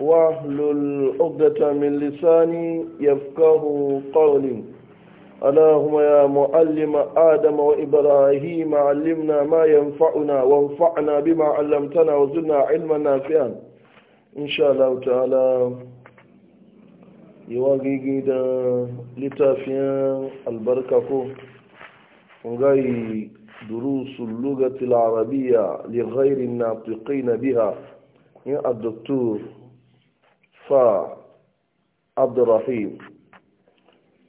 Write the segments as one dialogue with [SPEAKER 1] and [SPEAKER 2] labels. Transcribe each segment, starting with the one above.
[SPEAKER 1] واحلل عقدة من لساني يفقه قولي اللهم يا معلم آدم وإبراهيم علمنا ما ينفعنا وانفعنا بما علمتنا وزدنا علما نافعا إن شاء الله تعالى يواجي دا لتافيا البركة غي دروس اللغة العربية لغير الناطقين بها يا الدكتور fa abdurrahim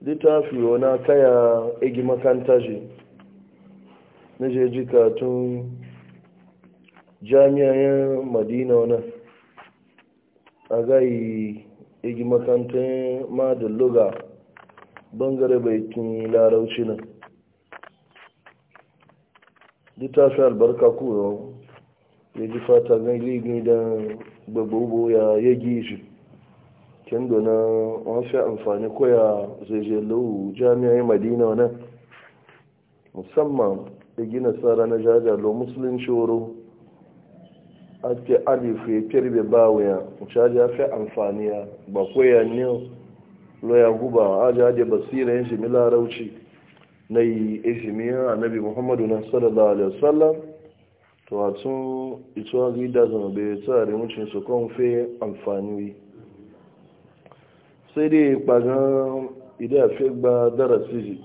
[SPEAKER 1] littafi wana kaya igi makanta shi na jeji katun jami'ayen madina wana a gayi igi ma madin luga bangare baikin larauci nan littafi albarka kuwa ya ji fata gan rigin don gbogbo ya yagi shi kendo na wafi amfani koya zaijelau jami'ai madina wani musamman da gina tsara na jajalo musulunci choro ake alifu ya kirbe bawaya ya fi amfani ya ba koya ne loya guba aji aji basira yin jimi larauci na yi ejimiyar annabi muhammadu na sallallahu alaihi wasallam to a tun ito a gida zama bai tsari wucin su kan fi amfani sai dai ɓagan idan fi gba darasi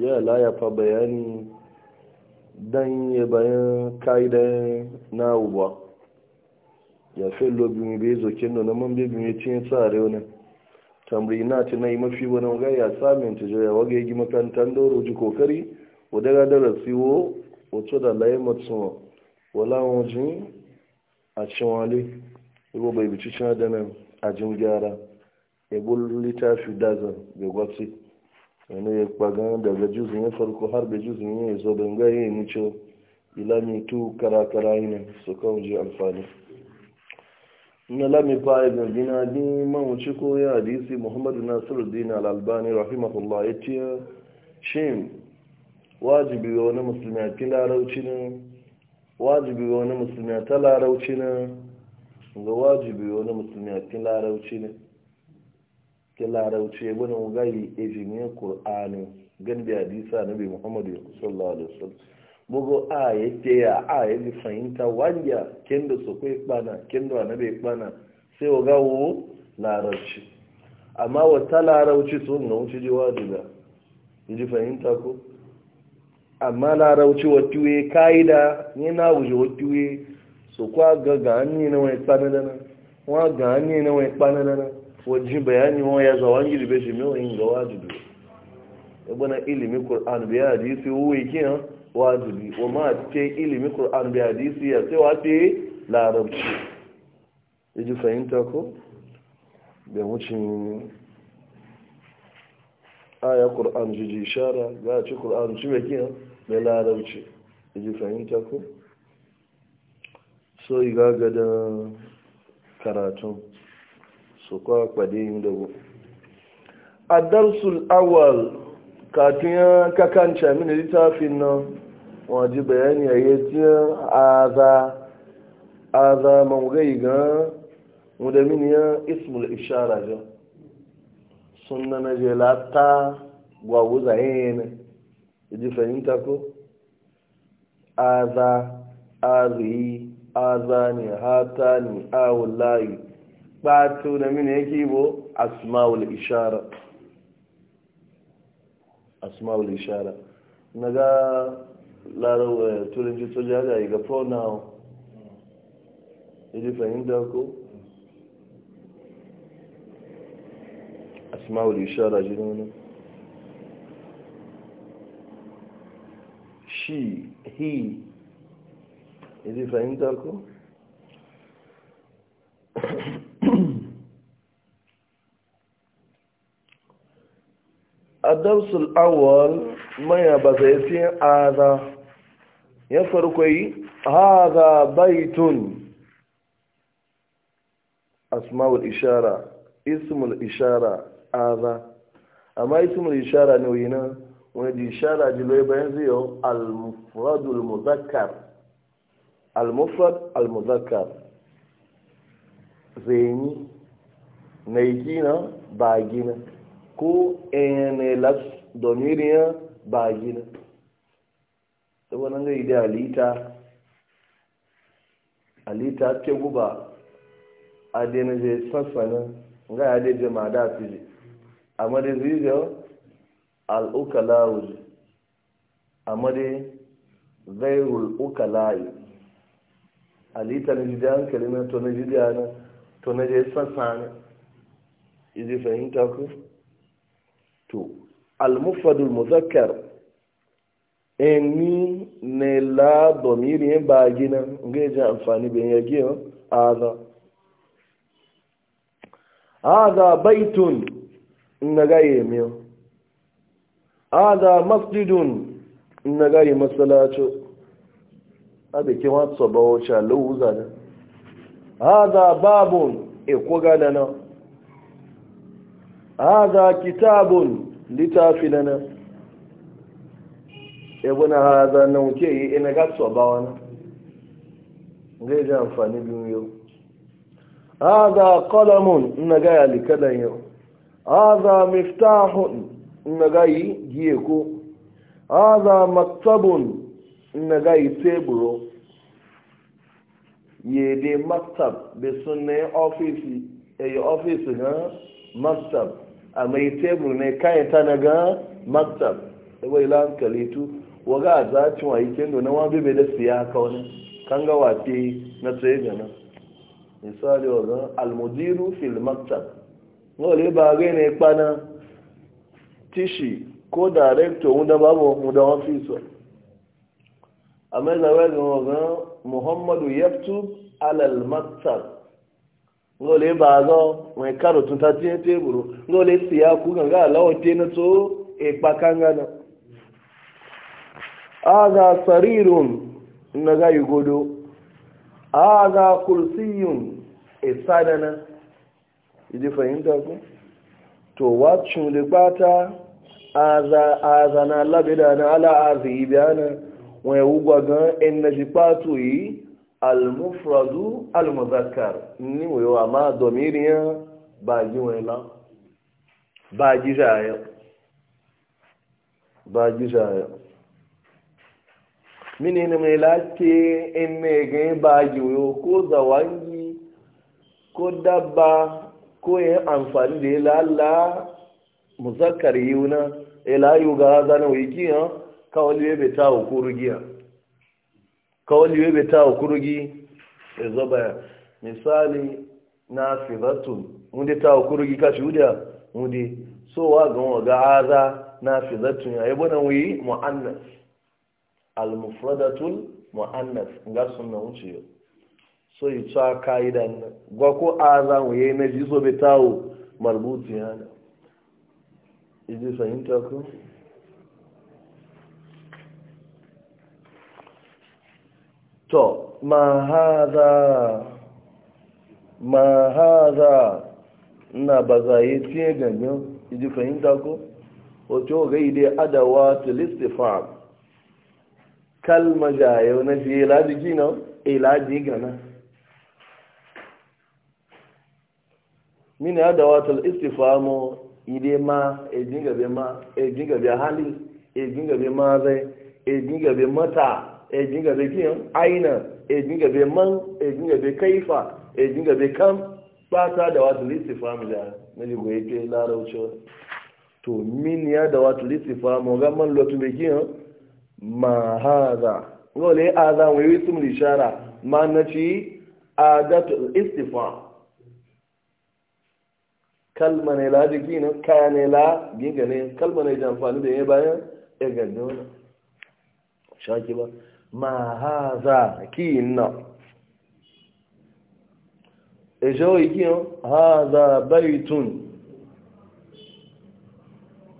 [SPEAKER 1] ya layafa bayani don ya bayan ka'idan na uba ya fi lobin bai zokin nuna man bi ya cin tsare wani tamrina ta na yi mafi wani waga ya samun ta jiya waga ya gi makarantar doro ji kokari wadda ga darasi wo wato da layi matsuwa wala wajen a cin wale bai bici cin adanan a jin gyara ebul littafi dazan bai gwapsi wani ya kpagan daga juzin ya farko har bai juzin ya zo don gaya ya nice ilami tu kara-kara yana su kawun ji amfani na lami fa'a ga e gina ni mawuci ko ya hadisi muhammadu nasiru dina al'albani rahimahullah e ya ce shin wajibi ga wani musulmi a larauci ne wajibi ga wani musulmi a ta larauci ne ga wajibi ga wani musulmi a larauci ne ke larauce wani gai ejimin kur'ani gan bi hadisa na bi muhammadu sallallahu alaihi wasallam bugu a ya ya a ya ji fahimta wanda ken da ikpana kai kpana ken na bai kpana sai wa gawo larauci amma wata larauci so na wuce ji wajiba ya ji fahimta ko amma larauci wata wuye ka'ida ni na wuce wata wuye su kwa ga ga hannu na wani kpana dana wa ga hannu na wani kpana dana wajen bayani ma ya zawa girbe shi mai yin ga wajibi ya bana ilimi ƙur'an bai hadisi wuwe kiyan wajibi wa ma ce ilimi ƙur'an bai hadisi ya sai wace larabci ya ji fahimta ko da wucin aya ƙur'an jiji shara za a ci ƙur'an ci mai kiyan mai larabci ya ji fahimta ko so igaga da karatun su kwa kwade yin da bu a darsul awal kafin ya kakanca mini littafin nan waje bayani a yi tiyan aza aza mawugai ga wadda mini ya ismul ishara jan sunna na jela ta gwagwuza yin iji fahimta ko aza azihi azani hatani awullahi باتونا من يكيبو أسماء الإشارة أسماء الإشارة نجا لا رو تولين آه، جو تولي هذا يجا فروناو يجي فهم داكو أسماء الإشارة جنونا شي هي يجي فهم داكو الدرس الأول ما يبزيتين هذا يفرقي هذا بيت أسماء الإشارة اسم الإشارة هذا أما اسم الإشارة نوينا ونجي إشارة جلوي بينزيو المفرد المذكر المفرد المذكر زيني نيجينا باجينا ko enelas dominiya ba gina da wani gai da alita alita ce guba a dina je sassanin ga ya da jama da fiji a madi zijiyar al'ukalawu a madi zairul ukalayi alita na jidi hankali na to na jidi na to na je sassanin izi fahimta ku to almufadul muzakkar eni ne la domiri en ba gina nge je amfani be ya gina aza aza baitun naga yemi aza masjidun naga yi masalacho abe ke wa tsoba wuce lauza na aza babun e ko gana na a zaa kitaa bụ nnita finnere ebunu ha a zaa na nwoke yi na gaa sọgbana ndị ndị nnfani dị nnyo a zaa kọla mụ na gaa alikela nye a zaa mefuta ahụ na gaa yi ji eku a zaa maktabụ na gaa yi tebụl ya ebe maktap bụ esonye ọfịs a mai tebur ne kayan ta na ga maktab da bai lankali tu waga a zacin wa ikin do na wa bebe da siya ka wani kan ga wafe na tsaye ga nan misali wa ga almudiru fil maktab wale ba gai ne kpana tishi ko director wunda babu wunda wafi so amma zawa ga wa ga muhammadu yaktub alal maktab ngole ba zo mai karo tuta tiye tebụlụ ngole siya ku ganga alawo tiye na to e pakanga na aza sarirun na ga yugodo aza kursiyun e sadana idi fahimta ku to wacin da bata aza aza na labida na ala azi biana wai ugwa ga en na jipatu yi almufradu almuzakkar ni wo wa ma domiriya baji wela baji jaya baji jaya mini ne mai lati enne ga baji wo ko zawangi ko dabba ko yin amfani da lalla Allah muzakkar yuna ila e yuga zana wiki ha kawai bebe ta hukuru giya kawali webe ta okurugi ezoba ya misali na fidatun wunde ta okurugi kashi wuda munde so waga waga ga aza na fidatun ya yabo na wuyi mu'annas al-mufradatul mu'annas nga sunna wuce yo so yi tsa ka'idan gwa ko aza wuye na ji so be tawo marbuti yana idi fahimta ku to ma haza ma na ba za yi tiye ganyen iji fahimta ko ga yi dai adawa tulistifam kalma jayo na fiye ilaji gina ilaji gana mini adawa tulistifamu ide ma ejin gabe ma ejin gabe hali ejin gabe ma zai e ejin gabe mata ejin gabe kiyan aina ejin gabe man ejin gabe kaifa ejin gabe kam bata da wata lisi famila na jigo ya ke larauci to min ya da wata lisi famo ga man lotu bai kiyan ma haza gole za wai yi sun lishara ma na ci a datu istifam kalma ne la jiki na kaya ne la ginga ne kalma ne jamfani da ya bayan ya gandona shaki ba ma haza ki na ejo iki haza baitun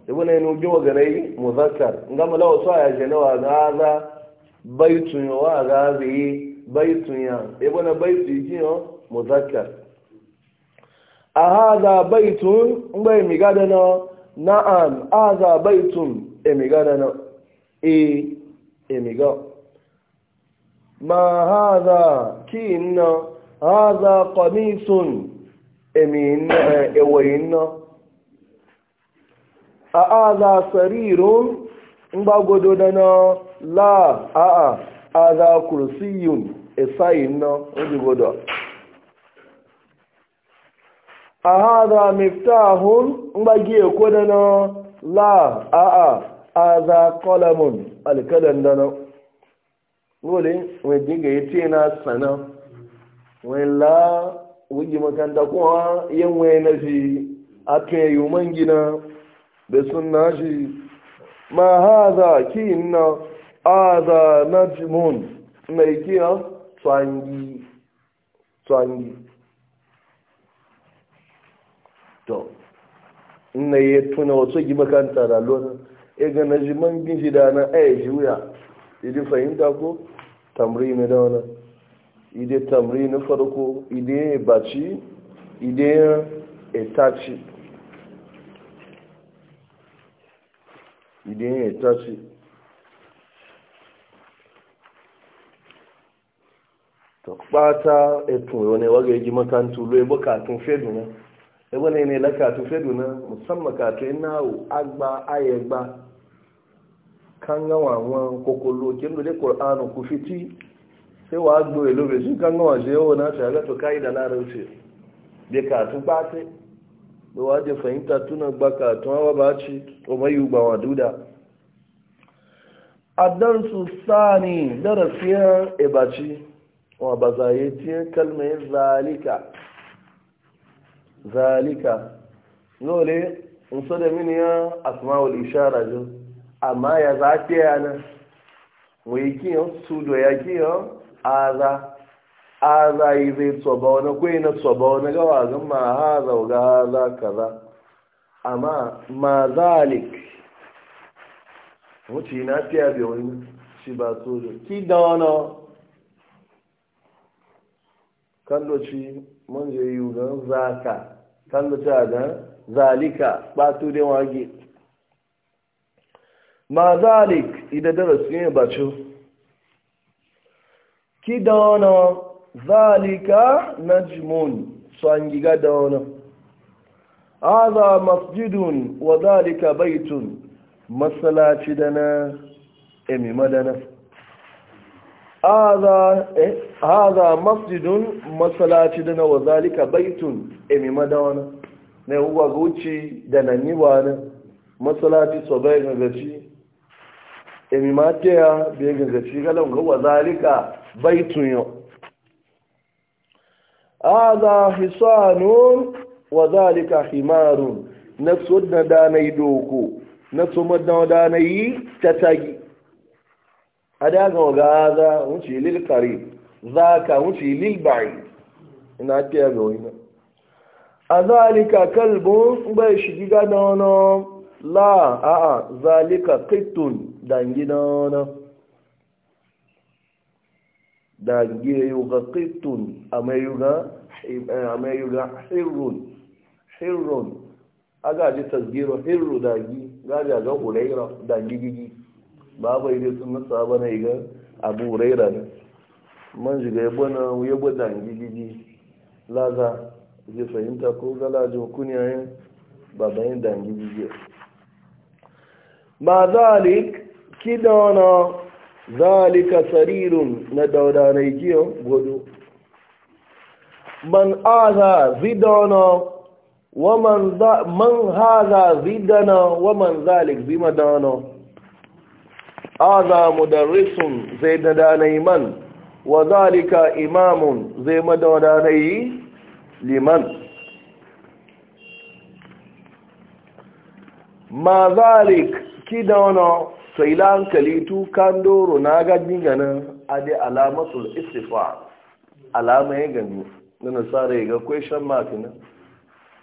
[SPEAKER 1] ibn enu biwa garai muzakkar ngama law so ya jena wa haza baitun wa gazi baitun ya ibn baitu iki muzakkar a haza ngba mi gada na na'am haza baitun e gada e e gada ma haza kinna haza qamisun eweyinna a haza sarirun ngbagodo dana la a a haza kursiyun esayinna ojigodo a haza miftahun ngbagi ekwo dana la a a haza kọlamun alkadan dana dole wani dinga ya ce na sana wani la wuji makanta kuma yin wani na shi a kan yi man gina da suna shi ma za ki na aza na jimun mai kiya tsangi tsangi to na ya tuna wasu gi makanta da lona ya e ga na jiman gina da na aya e ji wuya fahimta ko tamrini da wani ide tamrini farko ide ịbachi ide etaci ide etaci to kpata etun wani waga yaji makantu lo ebo katun feduna ebo ne ne la katun feduna musamman katun nawo agba ayegba kanga wa wọn kokolo kí ló dé kòránù kò fi tí ṣé wàá gbò èlò rẹ̀ sí kanga wọn ṣe ó náà ṣàlẹ́ tó káyì dá lára ṣe ba kàtún bá tẹ́ bí wàá jẹ fẹ̀yìntà túnà gba kàtún wọn bá ṣe ọmọ yìí gbà wọn dúdà. adansu sani darasiya ibaci wọn e ba zaye tiyan kalmai e zalika zalika yau ne so da mini ya asma'ul ishara jin amma ya zafi yana yi kiyan su da ya kiyan aza aza yi zai tsoba wani kwai na tsoba wani gawa zan ma haza ga haza kaza amma ma zalik wuce na fiya biyu wani shi ba su da ki da wani ci mun je yi kan zaka kalloci a dan zalika ba tu da wage ma zalik idan darasi ne ba ci ki da wani zalika na jimun tsangiga da wani aza masjidun wa zalika baitun matsalaci da na emi madana aza eh, masjidun masalaci da na wa zalika baitun emi madana na yi uwa guci da na niwa na matsalaci sobai gaci emi ma ya be gangaci galan ga wazalika baitun yau aza hisanun wazalika himarun na sodna da na yi doko na tsomadda ma na yi tatagi a daga ga aza wuce lil kare za ka wuce lil bari ina ke ga wani a zalika kalbun bai shigi gada wani la a'a zalika kaitun dangi na wani dangi ya yi ga kitun ga hirrun hirrun aga gaji tasgiro hirru dangi gaji ga huraira dangi gigi babu ile sun nasa ba ga abu huraira ne man shiga yabo na yabo dangi gigi laza je fahimta ko galajin kuniyayen babayin dangi gigi ma zalik kida wana zalika sarirun na dauda na igiyo man aza zidana wa man za man haza zidana wa man zalik zimadana aza mudarrisun zai dadana man wa zalika imamun zai madadana yi liman ma zalik kidana Sai ila hankali tu kan doro na gaji ganin ade alamatul istifa alama ya gani na nasara ga question mafi na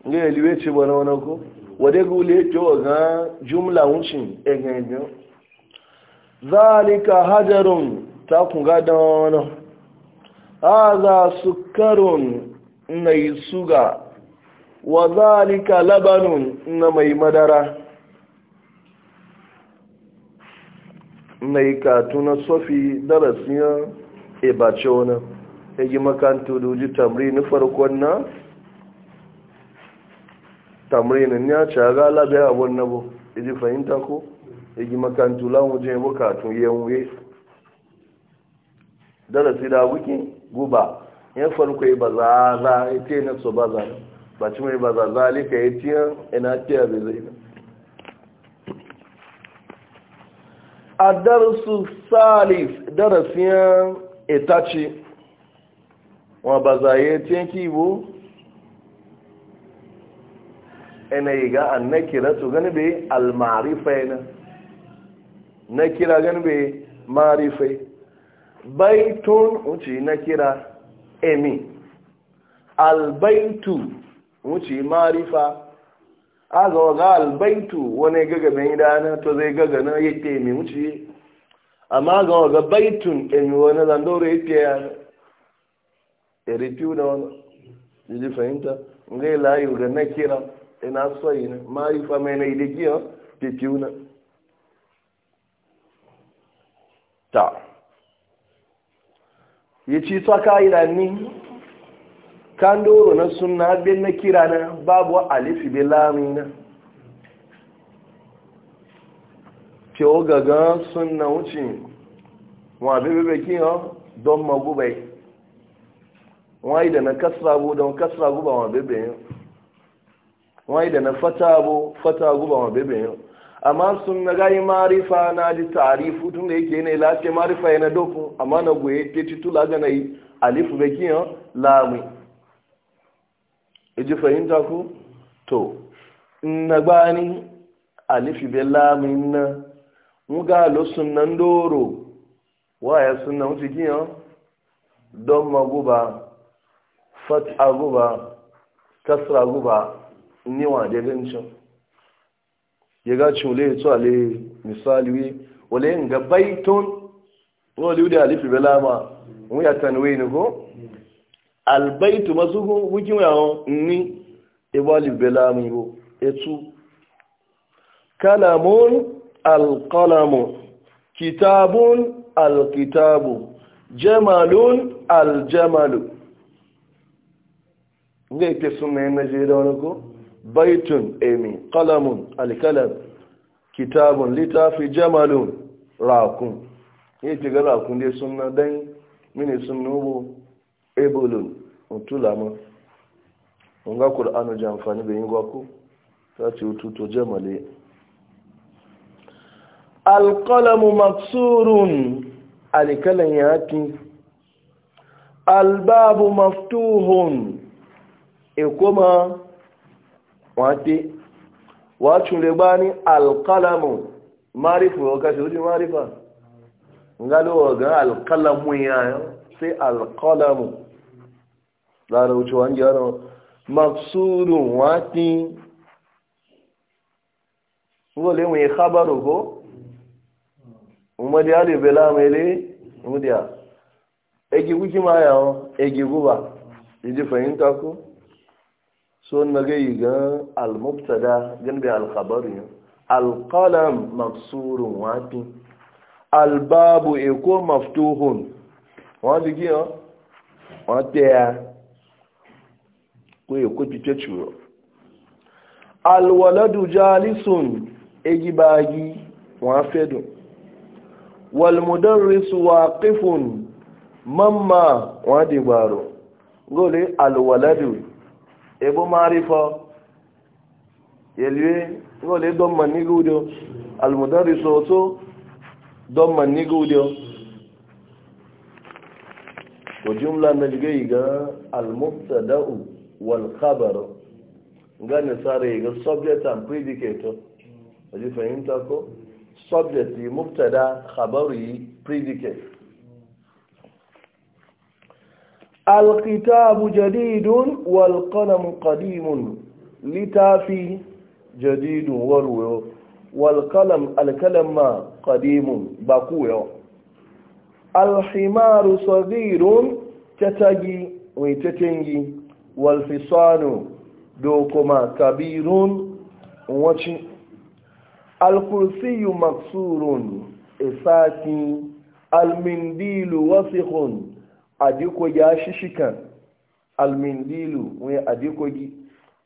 [SPEAKER 1] ne ya liwe ce bana wani ko wade gule ke wa ga jumla wucin egenjo zalika hajarun ta kun ga da wani haza sukarun na yi suga wa zalika labanun na mai madara mai yi katu na sofi darasiyan ebace wani ya yi makanta da uji tamrini farkon na tamrinin ya ce ga labe abun na bu iji fahimta ko ya yi makanta lan wajen yabo katun yanwe darasi da wuki guba ya farko ya baza za ya ce na so baza ba ci mai baza lika ya ciyar ina tiya da zai a darasu salis darasiyan itace wọn ba zaye tenki bu yanayi ga an na kira su gani bai almarifai na na kira gani bai marifai baitun wuce na kira emi albaitu wuce marifa aga waga albaitu wani gaga mai dana to zai gaga ya yake mai wuce amma ga waga baitun ɗin wani zandoro yake ya erifiyu da wani jiji fahimta ngai layu ga na kira ina yi na ma yi fa mai na idikiya fifiyu na ta yi ci tsaka idanni kan doro na suna bin na kira na babu alifi bi lami ke o gaga suna wuce wa bebe kin yau don magubai wani da na kasra bu don kasra guba wa bebe wa wani da na fata bu fata guba wa bebe yau amma sun na gayi marifa na ji tarifu tun da yake ne lafiya marifa yana doku amma na goye ke titula ga na yi alifu bai kiyan lamai iji fahimta ku to na gbani alifi bela na muga lo sunan doro waya sunan wuce giyan don maguba fat aguba kasra guba niwa da ya ga cule ale misali wale yin ga baitun wani da alifi bela ma wuya ni ko albaitu masu hukin yawon ni ibali belami bo etu kalamun alkalamun kitabun alkitabu jamalun aljamalu ne ike suna yin da wani ko baitun emi kalamun alkalam kitabun littafi jamalun rakun ya ke ga rakun dai suna dan mini suna ebulun mutulama nga qur'anu ji amfani da yin gwaku ta ce tuto jamale alqalamu maksurun alikalan yaki albabu maftuhun e kuma wate wacin rebani alkalamu marifu ya kashe wuce marifa ngalo ga alkalamu yayin sai alƙalamun. lára ojú wa ń jẹ́ ọ̀nà maksudu wati ngo le mwe khabaru go umadi ali bela mele umudia egi wiki maya o egi guba idi fahimta ko so na ga yi ga al mubtada gan bi al khabaru wati al babu ko maftuhun wa digi o wa tiya ko ya kufi ta ciwo alwaladu jalisun egibagi wa fedu walmudarrisu waqifun mamma wa dibaro gole alwaladu ebo marifa yelwe gole don manigudo almudarrisu oto don manigudo ko jumla na jigai ga almubtada'u والخبر ngani sare ga subject and predicate waje fahimta ko subject yi mubtada khabaru yi predicate alkitabu jadidun wal qalam qadimun litafi jadidun warwayo wal qalam al kalam ma qadimun bakuyo al himaru sadirun tatagi wa tatengi walfisano do kuma kabirun wacin alkursiyu maksurun isakin almindilu wasihun adiko ya shishikan almindilu wani adiko gi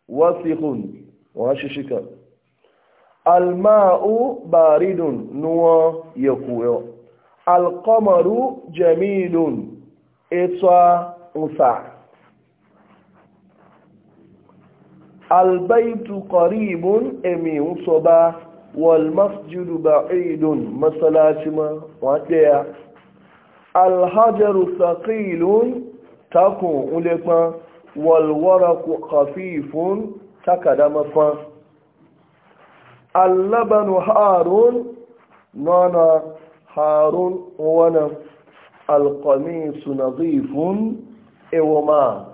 [SPEAKER 1] wasihun shishikan alma'u baridun nuwa ya koyo alkamaru jamilun ita nsa البيت قريب امي صبا والمسجد بعيد مسلاتما واتيا الحجر ثقيل تكون اولقا والورق خفيف تكدما ف اللبن هارون نانا حار ونا القميص نظيف ايوما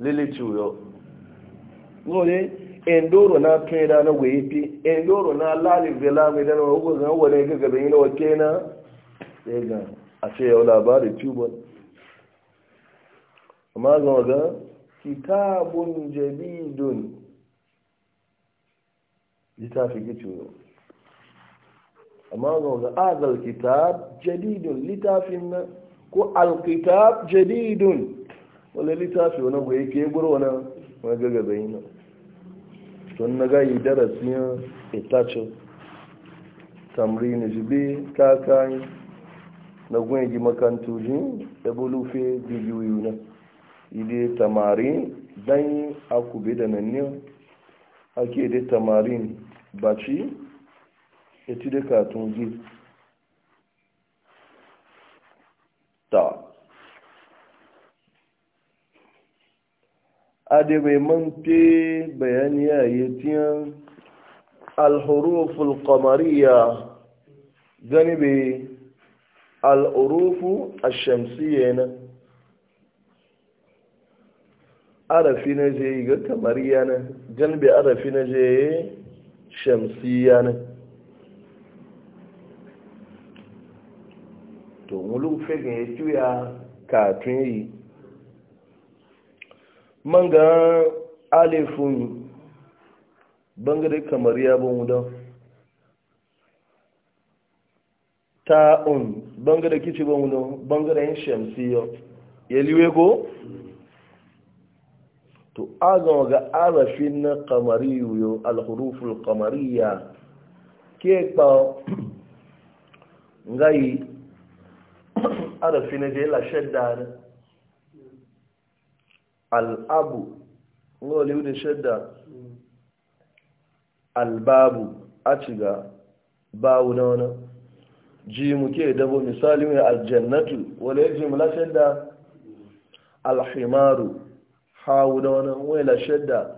[SPEAKER 1] للي تشويو ngole endoro na peda na wepi endoro na lali vela me da na ogo na wala ga ga bin wa kena daga a ce yau labari tuba amma ga ga kitabun jadidun littafi kitu amma ga ga azal kitab jadidun littafin na ko alkitab jadidun wala littafi wani gwaye ke gurwa na wani gagabayi na tun na gayi darasin itacin tamrini jibi kayan na gwengi makantuji da bulufe bibiyu na ide tamari yi akube da nan ne ake da tamarin baci ya ci da katungi ta adabai man fi bayani ya yi tiyan alhuruful kamariya gani bai al'urufu a shamsiya na arafi na je ga kamariya na gani bai arafi na je shamsiya na to mulun fegin ya tuya katun yi man ga alifun bangare kamar ya bin wudan ta'un bangare kici bin wudan bangaren shamsiyyo ya liwe ko? to azon ga arafin na kamari yiwu alhuruful kamariya ke kpa ngayi arafin na jela shadda al'abu ngoli da shadda albabu a ciga bawu na wani ji muke dabo misali mai aljannatu wale ji mula shadda alhimaru hawu da wani wela shadda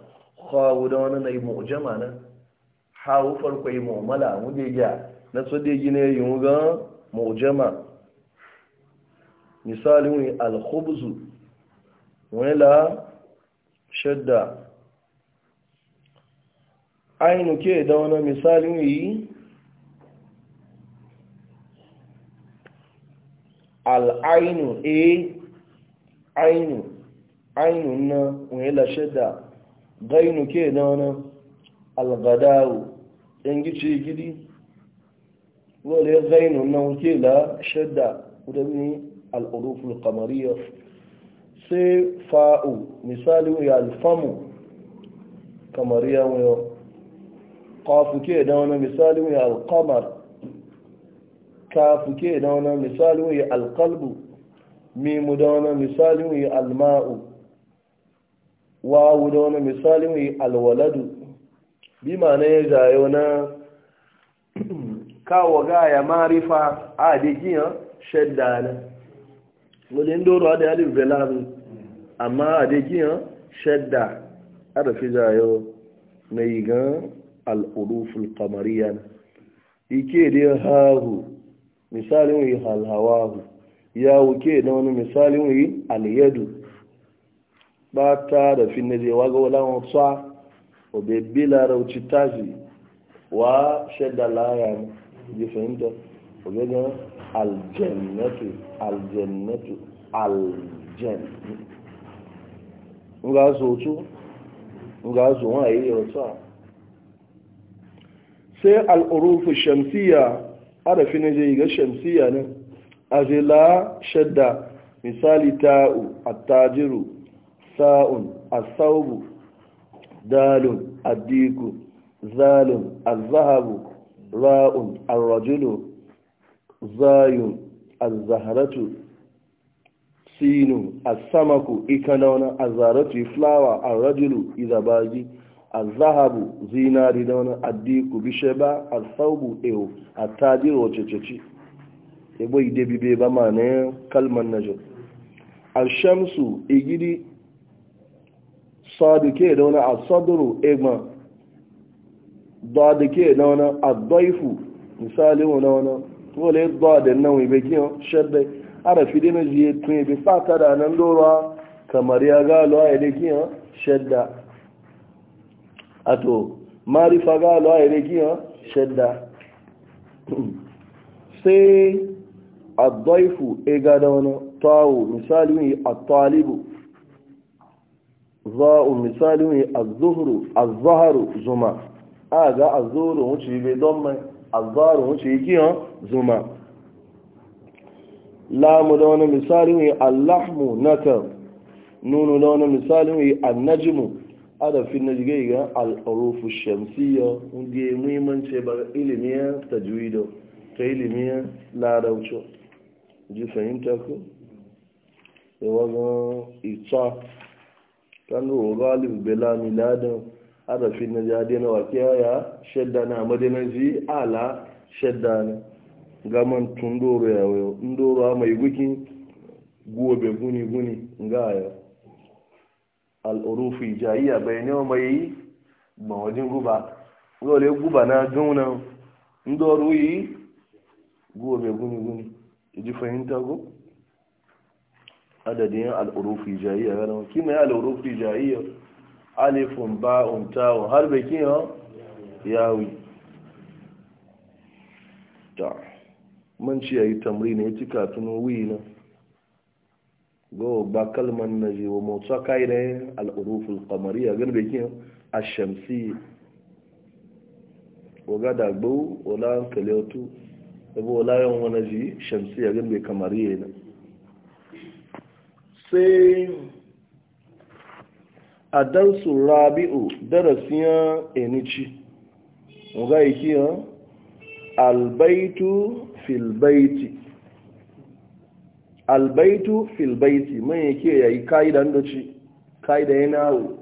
[SPEAKER 1] hawu da wani na yi mu'jama na hawu farko yi mu'amala wuje gya na so dai gine yi muga mu'jama misali mai alkhubzu wela shadda ainu ke da wani misalin yi al'ainu e ainu ainu na wela shadda gainu ke da wani algadawu ɗan gici gidi wale gainu na wuke la shadda wudanni al'urufin sai fa'u misali ya alfamu kamar Kafu ke da wani misali ya alkamar kafuke da wani misali ya alkalbu mimu da wani misali ya alma'u wawu da wani misali ya alwaladu bi ma na ya jayo na kawo gaya marifa a dikiyan shadda na wajen doro da yalin belaru amma a dagiyan shadda arafi zayo na yi gan al'uruful kamariya ike da haru misalin yi halhawahu ya wuke na wani misalin wuyi aliyadu ba ta da fi na jewa ga walawan tsa obebbi larauci tazi wa shadda laya ne ji fahimta obegan aljannatu aljannatu aljannatu nga zo tu nga zo wa yi rotsa sai al'urufu shamsiya arafi zai yi ga shamsiya ne azila shadda misali ta'u attajiru sa'un asaubu dalun addiku zalun alzahabu ra'un arrajulu zayun alzaharatu sinu asamaku ikanauna azaratu flawa arrajulu izabaji azahabu zinari dauna addiku bisheba asaubu ewo attajiru wacececi ebo ide bibe ba ma na kalman najo alshamsu igidi saduke dauna asaduru egma daduke dauna addaifu misali wa dauna wale dadin nan wibe kiyon shaddai arafi dai na jiye tun yabi ta da nan dora kamar ya galo a yadda kiyan shadda a to marifa galo a yadda giyan shadda sai a daifu e gada wani tawo misali ne a talibu za'u misali ne a zuhuru a zaharu zuma a ga a zuhuru wuce bai don mai a zaharu wuce giyan zuma lamu da wani misalin yi allahmu kan? nunu da wani misalin yi annajimu adafin na jigai ga al'arufu shamsiyya wanda ya muhimmanci ba ilimiyar tajwido ta ilimiyar larauci ji fahimta ku da wazan ita kan ruwa galib bela miladin adafin na jade na wakiya ya shadda na madinaji ala shadda na gaman tun doro ya ndoro ama igukin guobe guni guni ga ya al'urufi jayiya bai ne mai yi ba wajen guba gole guba na gauna ndoro yi gobe guni guni ji fahimta go adadin al'urufi jayiya ga nan kima ya urufi jayiya alifun ba'un ta'un har bai kiyan yawi ta man ci ya yi tamri ne ya ci katunan wuyi na gawa ba kalman na jewa motsa kai na yin al'uruful kamari a gan bekin a shamsi waga da gbau wala an kaliyatu wala yawan wani ji shamsi a gan bai kamari ya na sai a darsu rabi'u darasiyan enici waga ikiyan albaitu filbaiti baiti albaitu fil baiti man ya yi kaida ndoci kaida yanawo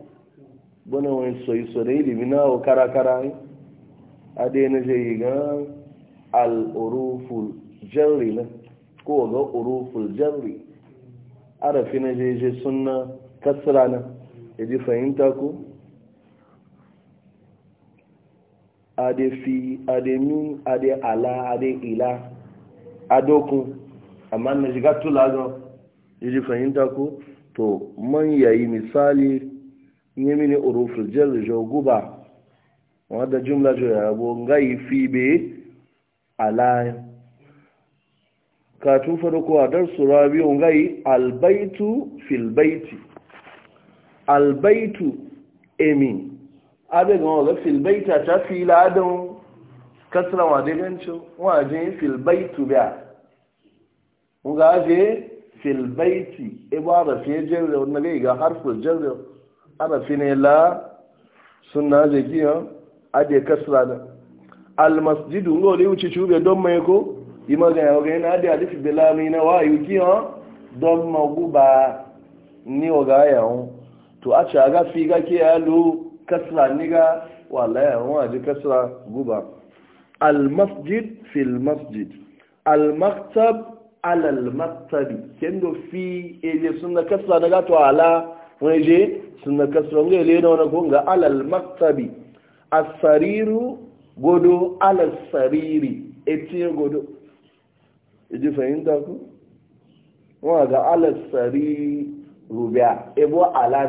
[SPEAKER 1] bane wani soyi so da ilimi nawo kara kara ade na je yi ga al jerry na ko ga uruful jerry arafi na je je sunna kasra na yaji fahimta ku. ade fi ade mi ade ala ade ila adokun amma na shiga tulagon yaji fahimta ko to man yi misali nye mini uruful jar jo guba wadda jumla jo ya rabo ngai fi be ala katun ko a dar surabi ngai albaitu fil baiti albaitu emi. abin ga filbaita ta fila don kasra wadigancin waje filbaitu biya ga aje filbaiti ibu arafi ya jirgin wanda ga iga harfin jirgin arafi ne la suna jikiya ade kasra da almasjidu ga wani wuce cube don mai ko yi magana waga yana ade alifi bilami na wayo kiya don maguba ni waga yawon to a ci a gafi ga ke yalo kasra niga wallahi wa ji kasra guba al masjid fil masjid al maktab ala al maktabi kendo fi ele sunna kasra daga to ala waje sunna kasra ngai le na ko ga ala al maktabi asariru godo ala sariri etin godo eji fahimta ku wa ga ala sari rubiya ebo ala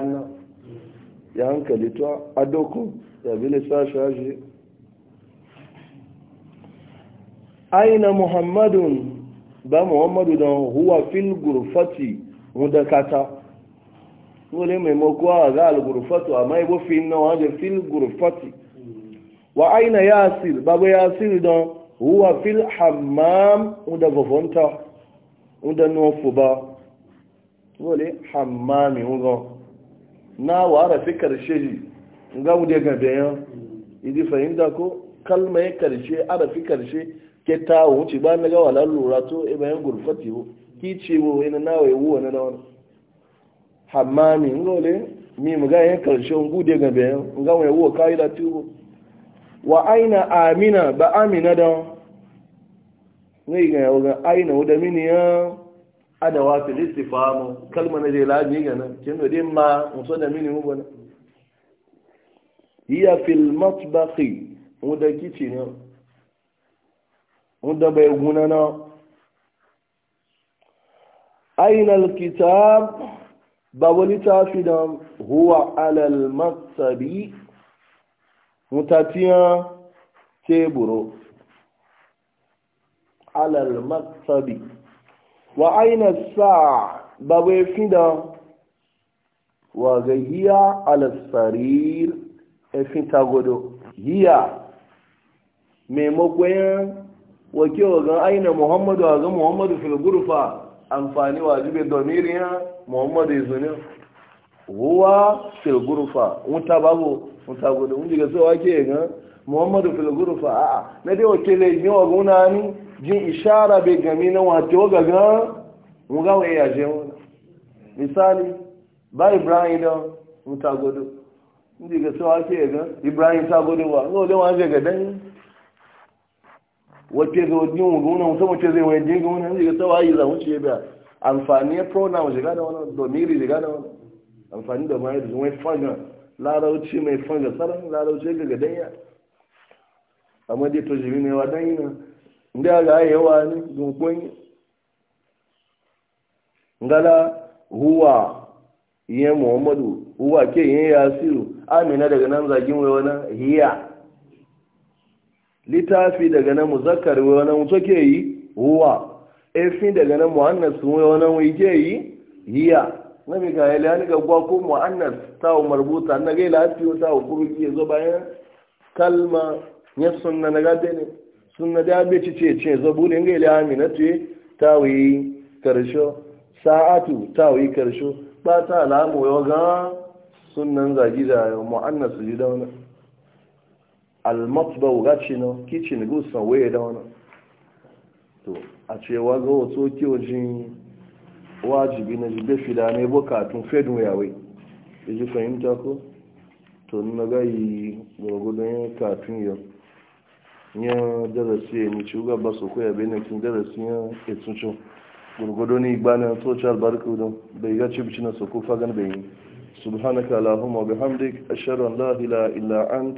[SPEAKER 1] ya hankali to a doku ya bi lissashi haji aina muhammadun ba muhammadu don huwa fil gurfati mudakata wani maimako a ga algurfatu amma ibo fi na wajen fil gurfati wa aina yasir babu yasir don huwa fil hammam mudagafonta mudannofu ba wani hammami mugan na wa fi karshe ji ga mu daga bayan idi fahimta ko kalma ya karshe ara fi karshe ke ta wuce ba na ga wala lura to e bayan gurfati ho ki ce wo ina e na wai wo na na hammami ngole mi mu ga yan karshe ngu daga bayan ga wai wo kai da tubo wa aina amina ba amina da ngai ga aina wadamini ya wa fil istifhamu kalma na je laji gana kin do din ma muso da mini mu bana hiya fil matbaqi mu da kici ne mu da bai guna na aina al kitab ba wani tafi da huwa alal matsabi mutatiya teburo alal matsabi wa aina sa ba bai fi da wa ga hiya alasarir efin tagodo hiya maimakon wake wagan aina muhammadu a ga muhammadu filgurfa amfani wajibe domin ya muhammadu izunin huwa filgurfa wuta babu wuta gudu wunji ga tsawa ke gan muhammadu filgurfa a'a na dai wakilai yi wa guna ni jin ishara bai gami na wato gaga muga wa iya je wani misali ba ibrahim da muta gudu ndi ga sawa ke ga ibrahim ta gudu wa no da wani ga dani wace zo jin gona mutum wace zai wani jin gona ndi ga sawa yi zamu ce ba amfani wa shiga da wani domiri shiga da wani amfani da mai zuwa wani fanga larauci mai fanga sarar larauci ga gadan ya amma dai to jimi ne wa dan yi na nga ga yawa ne zunkun ngala huwa ihe muhammadu huwa ke yin yasiru amina daga nan zagin wai wani hiya littafi daga nan muzakkar wai wani mutu ke yi huwa efi daga nan muhannas wai wani wai ke yi hiya na mai kayan liyani ga gwa ko muhannas ta wa marbuta na gaila hafi ta wa ke ya zo bayan kalma ya sunna na ne sun na da bai ci ce ce zabuni ga ilami na ce ta wuyi karsho sa'atu ta wuyi karsho ba ta alamu yau ga sunan zagi da yau mu'anna su ji da wani almatba wuga ci na kicin gusan waye da wani to a cewa ga wato jin wajibi na jibe fida ne bukatun fedun yawai ya ji fahimta ko to na gayi gwargwadon katun yau ya darasi ya ni shuga ba su koya bai nakin darasi ya ke tsucu gurgudu ni gbana tsoci albarka don bai ga ci bici na su kufa gan bai yi subhanaka allahumma bihamdik ashhadu an la ilaha illa ant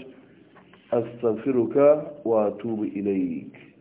[SPEAKER 1] astaghfiruka wa atubu ilaik